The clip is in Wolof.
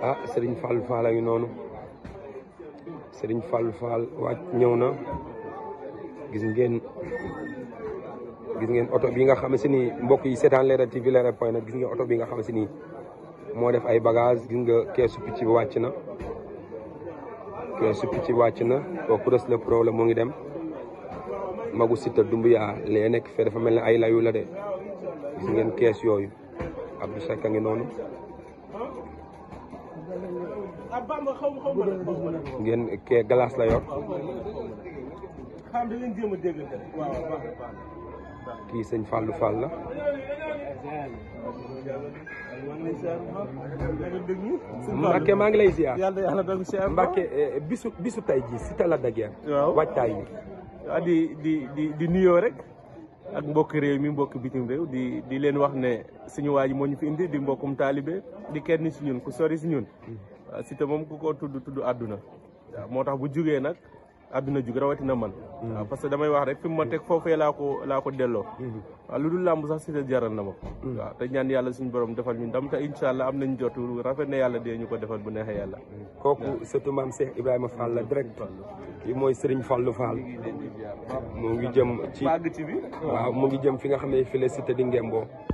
ah Serigne Fall Fall a noonu Serigne fal Fall wàcc ñëw na gis ngeen gis ngeen oto bi nga xam si ni mbokk yi seetaan Leral TV Leral point net gis ngeen oto bi nga xam si ni moo def ay bagage gis nga keesu picc bi wàcc na keesu picc bi wàcc na kooku rës le problème mu ngi dem magu sita dumbuyaa lee nekk fee dafa mel ne ay layu la de gis ngeen kees yooyu Abdou Seck a ngi noonu Ah, ngeen kee glace la yor. kii sëñ Fallou Fall la. Mbacke maa ngi lay ziar. Mbacke eh, bisu bisu tey jii si Talla Daguerre. waaw waajtaay yi. waaw ah, di di rek. ak mbokk réew mi mbokk bitim réew di di leen wax ne suñu waa ji mooñ fi indi di mbokkum taalibe di kenn si ñun ku sori si ñun. Euh, Siteu moom ku ko tudd tudd adduna moo tax bu jugee nag adduna jug rawatina man hmm. parce que damay wax rek fi mu ma teg foofee laa laa ko delloo hmm. lu dul làmb sax Siteu jaral na ma hmm. waaw te ñaan yàlla suñu borom defal ñu ndam incha allah am nañ jotu rafet na yàlla dee ñu ko defal bu neexee yàlla kooku surtout maam Cheikh Ibrahima Fall la direct i mooy Serigne Fallou Fall mu ngi jëm ci waaw mu ngi jëm fi nga xam ne fi la Siteu di ngemboo